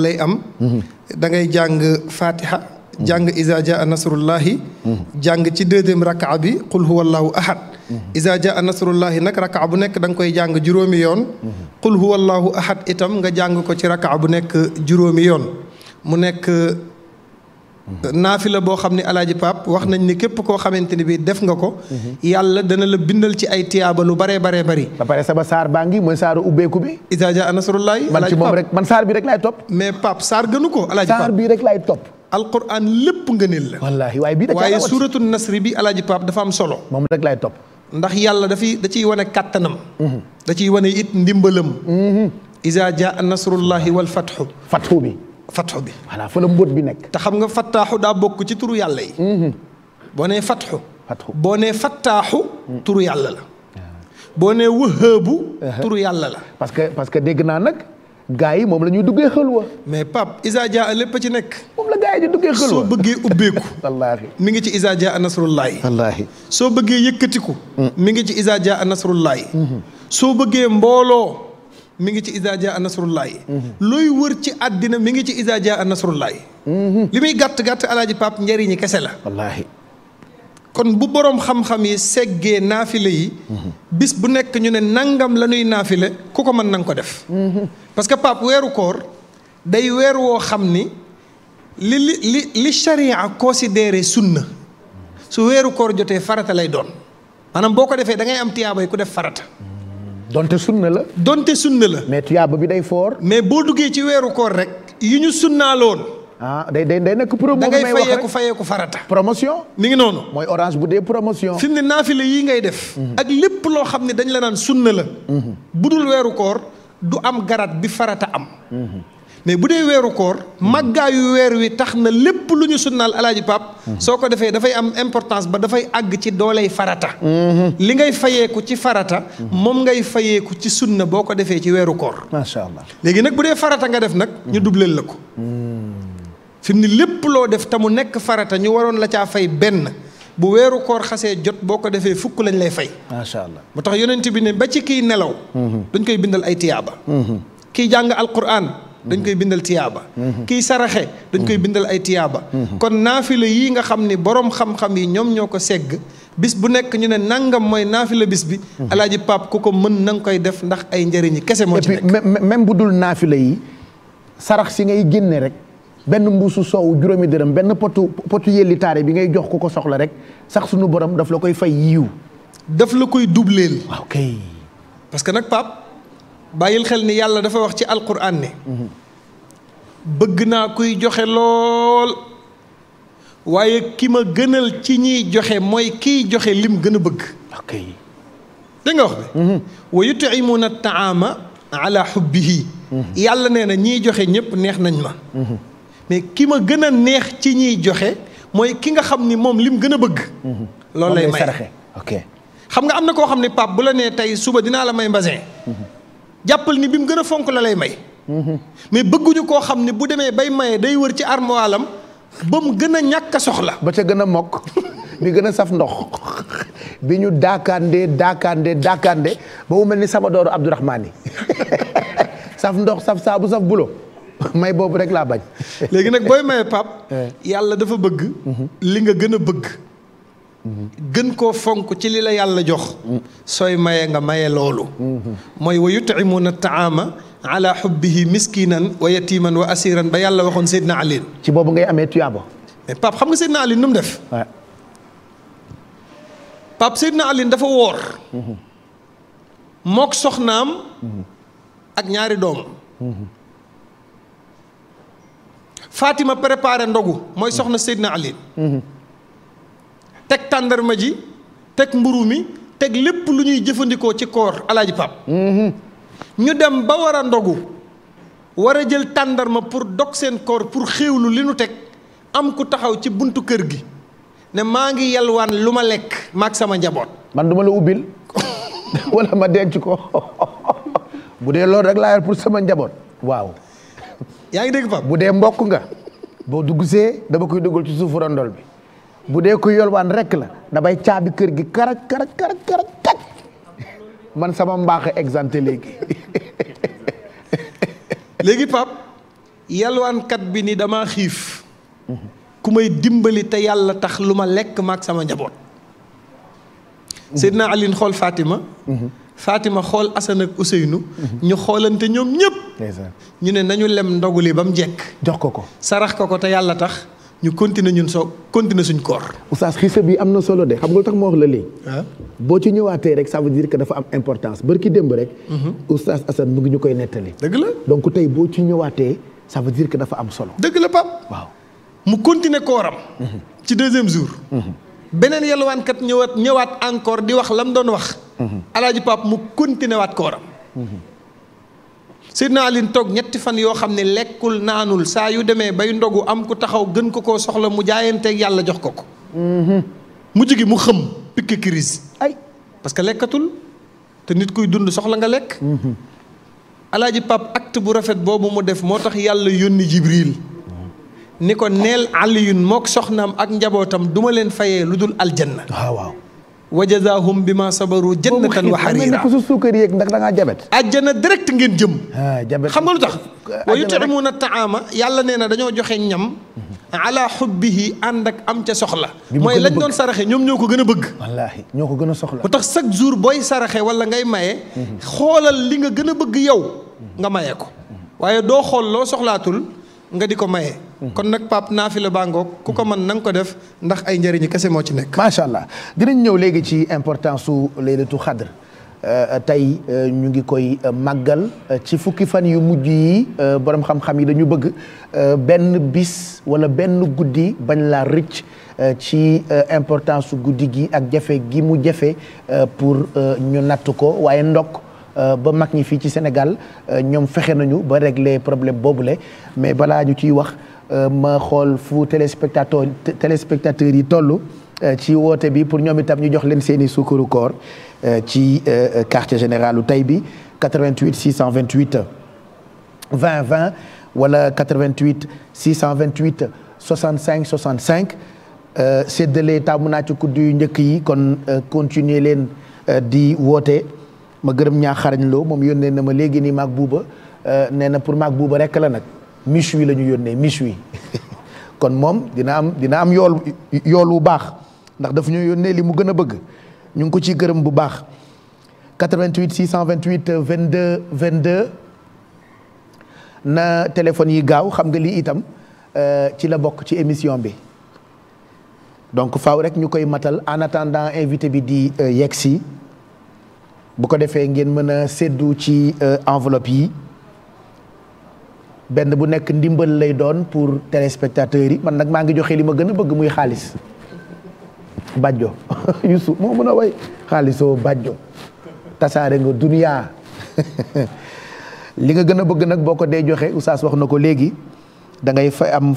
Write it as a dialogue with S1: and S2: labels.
S1: lay am da ngay jàng fatiha jàng iza jaa nasrullahi jàng ci deuxième rakaa bi qul huwallahu ahad iza jaa nasrullahi nag rakaa bu nekk da nga koy jàng juróomi yoon qul huwallahu ahad itam nga jàng ko ci rakaa bu nekk juróomi yoon mu nekk naafila boo xam ne alaaji Pape wax nañ ne képp koo xamante ne bii def nga ko. Mhm. yàlla dana la bindal ci ay tiyaaba lu baree baree bari.
S2: ba pare sama saar baa ngi mooy saaru ubbeeku bi. izaa jaa nasrullaahi. man ci moom rek man saar bi rek laay topp. mais Pape saar gënu ko. alaaji Pape saar bi rek laay topp. alquran lépp ngëneel la. waaye bii da waaye suuratu
S1: nasri bi alaaji Pape dafa am solo. moom rek laay topp. ndax yàlla dafay da ciy wane kàttanam. Mhm. da ciy wane it ndimbalam. Mhm. izaa jaa nasrullaahi wal fatxu. fatxu bi. fatxu bi. voilà fa la mbóot bi nekk. te xam nga fattaaxu daa bokk ci turu yàlla yi. Mm-hmm. boo nee fatxu. boo nee fattaaxu. Mm. turu yàlla la. Ah. boo nee wëhëbu. Uh-huh. turu yàlla la. parce que parce que dégg naa nag. gaa yi moom la ñuy duggee xëlwa mais Pape Isa Dia lépp ci nekk. moom la gaa yi duggee xëlwa soo bëggee ubbeeku. wallaahi mi ngi ci Isa Dia nasrullahi. soo bëggee yëkkatiku. Mm. mi ngi ci Isa Dia nasrullahi. Mm-hmm. soo bëggee mbooloo. mi ngi ci izaa jaa nasrullaahi looy wër ci àddina mi ngi ci izaa jaa nasrullaahi mhm. li muy gàtt gàtt alaaji Pape njariñi kese la. kon bu boroom xam-xam yi seggee naafile yi. Mhm. bis bu nekk ñu ne nangam la ñuy naafile ku ko mën nañ ko def. Mhm. parce que Pape weeru koor day weer woo xam ni li li li li charia considéré sunna su weeru koor jotee farata lay doon maanaam boo ko defee da ngay am tiyaabay ku def farata. donte sunna la. donte sunna la. mais tuyaaba bi day foor. mais boo duggee ci weeru koor rek. yi ñu sunnaaloon. ah day day day nekk promo. da ngay fayeeku fayeeku farata. promotion. mi ngi noonu. mooy orange bu dee promotion. fi mu ne naafile yii ngay def. Mhm. ak lépp loo xam ne dañu la naan sunna la. Mhm. dul weeru koor du am garat bi farata am. Mhm. mais bu dee weeru koor màggaayu weer wi tax na lépp lu ñu sunnaal alaaji pap soo ko defee dafay am importance ba dafay àgg ci dooley farata li ngay fayeeku ci farata moom ngay fayeeku ci sunna boo ko defee ci weeru koor macha allah léegi nag bu dee farata nga def nag ñu dubleel la ko fi mu ni lépp loo def te mu nekk farata ñu waroon la caa fay benn bu weeru koor xasee jot boo ko defee fukk lañ lay fay macha allah moo tax yonent bi ne ba ci kiy nelaw mhm. dañ koy bindal ay tiyaaba mhm. kiy jàng alquran dañ koy bindal tiyaaba kiy saraxe dañ koy bindal ay tiyaaba kon naafila yii nga xam ni boroom xam-xam yi ñoom ñoo ko segg bis bu nekk ñu ne nangam mooy naafila bis bi alaaji pap ku ko mën na koy def ndax ay njëriñi kese moo ci
S2: nekk même bu dul naafila yi sarax si ngay génne rek benn mbuusu soow juróomi dërëm benn potu potu yelli taare bi ngay jox ku ko soxla rek sax suñu borom daf la koy fay yiw daf la koy dubleel waaw ah,
S1: nag pap bàyyil xel ni yàlla dafa wax ci alquran ne bëgg naa kuy joxe lool waaye ki ma gënal ci ñiy joxe mooy kiy joxe lim gën a bëgg ok dégg nga wax bi mhm. wa yut'imuuna taama ala xubbihi yàlla nee na ñiy joxe ñëpp neex nañ ma mhm. mais ki ma gën a neex ci ñiy joxe mooy ki nga xam ni moom lim gën a bëgg
S2: mhm. loolu lay may ok
S1: xam nga am na koo xam ne pap bu la nee tey suba dinaa la may mbasin jàppal ni bi mu gën a fonk la lay may. mais bëgguñu koo xam ne
S2: bu demee bay maye day wër ci armoalam ba mu gën a ñàkk a soxla. ba ca gën a mokk bi gën a saf ndox bi ñu daakaande daakaande daakaande ba mu mel ni sama dooru Abdourahmane yi saf ndox saf saabu saf bulo may boobu rek laa bañ. léegi nag booy maye pap yàlla dafa bëgg. Mhm. li nga gën a bëgg.
S1: gën koo fonk ci li la yàlla jox sooy maye nga maye loolu mooy wa yut'imuuna taama ala xubbihi miskinan wa yatiman yàlla waxoon Seydina Aliin ci
S2: boobu ngay amee tuyaaba
S1: xam nga Seydina Aliin nu mu def Pape Seydina Aliin dafa woor mook soxnaam ak ñaari doom Fatima préparé ndogu mooy soxna na Aliin teg tàndarma ji teg mburu mi teg lépp lu ñuy jëfandikoo ci koor alaaji pap mm-hmm. ñu dem ba war a ndogu war a jël tàndarma pour dog seen koor pour xéewlu li nu teg am ku taxaw ci bunt kër gi ne maa ngi yalwaan lu ma lekk maag sama njaboot man duma la ubbil wala ma denc ko
S2: bu dee lool rek laa yor pour sama njaboot waaw yaa ngi dégg pap bu dee mbokk nga boo duggsee dama koy dugal ci suufu rondol bi bu dee ko yolwaan rek la damay caabi kër gi karaj karaj karaj man sama mbaax exempté léegi léegi pap
S1: yalwaankat bi ni dama xiif ku may dimbali te yàlla tax lu ma lekk maak sama njaboot Seydina Alioune xool Fatima Fatima xool Assane ak Ousseynou ñu xoolante ñoom ñëpp ñu ne nañu lem ndoguli ba mu jekk jox ko ko sarax ko ko te yàlla tax ñu continuer ñun soo continuer suñ koor.
S2: oustaz xiisa bi am na solo de xam nga lu tax ma wax la lii. Ah. boo ci ñëwaatee rek ça veut dire que dafa am importance bari ki démb rek. Mhm. oustaz Assane mu ngi ñu koy nettali. dëgg la donc tey boo ci ñëwaatee ça veut dire dafa am solo. dëgg la Pape. mu continuer kooram. Mhm. ci deuxième jour. Mhm.
S1: beneen yalwaankat ñëwaat ñëwaat encore di wax lam doon wax. alaaji Pape mu continuer waat kooram. si Seydina Ali toog ñetti fan yoo xam ne lekkul naanul saa yu demee bay ndogu am ku taxaw gën ko koo soxla mu jaayanteeg yàlla jox ko ko. Mm-hmm. mujj gi mu xëm pikk crise ay parce que lekkatul te nit kuy dund soxla nga lekk. Mm-hmm. alaaji pap acte bu rafet boobu mu def moo tax yàlla yónni Jibril. ni ko neel Aliyun mook soxnaam ak njabootam duma leen fayee lu dul aljanna. Ah, wa jazaahum bi ma sabaru jannatan wa xariira ko su
S2: suukar yeeg ndax da ngaa jabet
S1: ajjana direct ngeen jëm xam nga lu tax
S2: wa yutimuuna
S1: taama yàlla nee na dañoo joxe ñam ala xubbihi ànd ak am ca soxla mooy lañ doon saraxe ñoom ñoo ko gën a bëgg
S2: wallaahi ñoo ko gën a soxla
S1: bu tax chaque jour booy saraxe wala ngay maye xoolal li nga gën a bëgg yow nga maye ko waaye doo xool loo soxlaatul nga di ko maye Mm-hmm. kon nag pap naafila bàngoog ku ko mën na ko def ndax ay njëriñu kese moo ci
S2: nekk. macha allah dinañ ñëw léegi ci importance su laylatul xadr euh, tey euh, ñu ngi koy euh, màggal ci fukki fan yu mujj yi borom xam-xam yi dañu bëgg benn bis wala benn guddi bañ laa ricc ci importance su guddi gi ak jafe gi mu jafe pour ñu natt ko waaye ndokk ba mag ñi fii ci Sénégal ñoom fexe nañu ba régler problème boobu boobule mais balaa ñu ciy wax. ma xool fu téléspectateur téléspectateurs yi toll euh, ci woote bi pour ñoom itam ñu jox leen seen i sukkaru koor euh, ci euh, quartier général u tey bi 88 628 20 20 wala 88 628 65 65 séddale taamu naa ci kudd yu njëkk yi kon continuer leen di woote ma gërëm ñaa xarañ loo moom yónnee na ma léegi nii maag buuba nee na pour maag buuba rek la nag miche wi la ñu yónnee miche wi kon moom dina am dina am yool yool wu baax ndax daf ñu yónnee li mu gën a bëgg ñu ngi ko ciy gërëm bu baax 88 628 22 22 na téléphone yi gaaw xam nga lii itam euh, ci la bokk ci émission bi donc faaw rek ñu koy matal en attendant invité bi di euh, yegsi bu ko defee ngeen mën a séddu ci euh, enveloppe yi benn bu nekk ndimbal lay doon pour téléspectateurs yi man nag maa ngi joxe li ma gën a bëgg muy xaalis bàjjo Youssou moo mën a way xaalisoo bajo tasaare nga duniyaa li nga gën a bëgg nag boo ko dee joxe oustaz wax na ko léegi dangay ngay am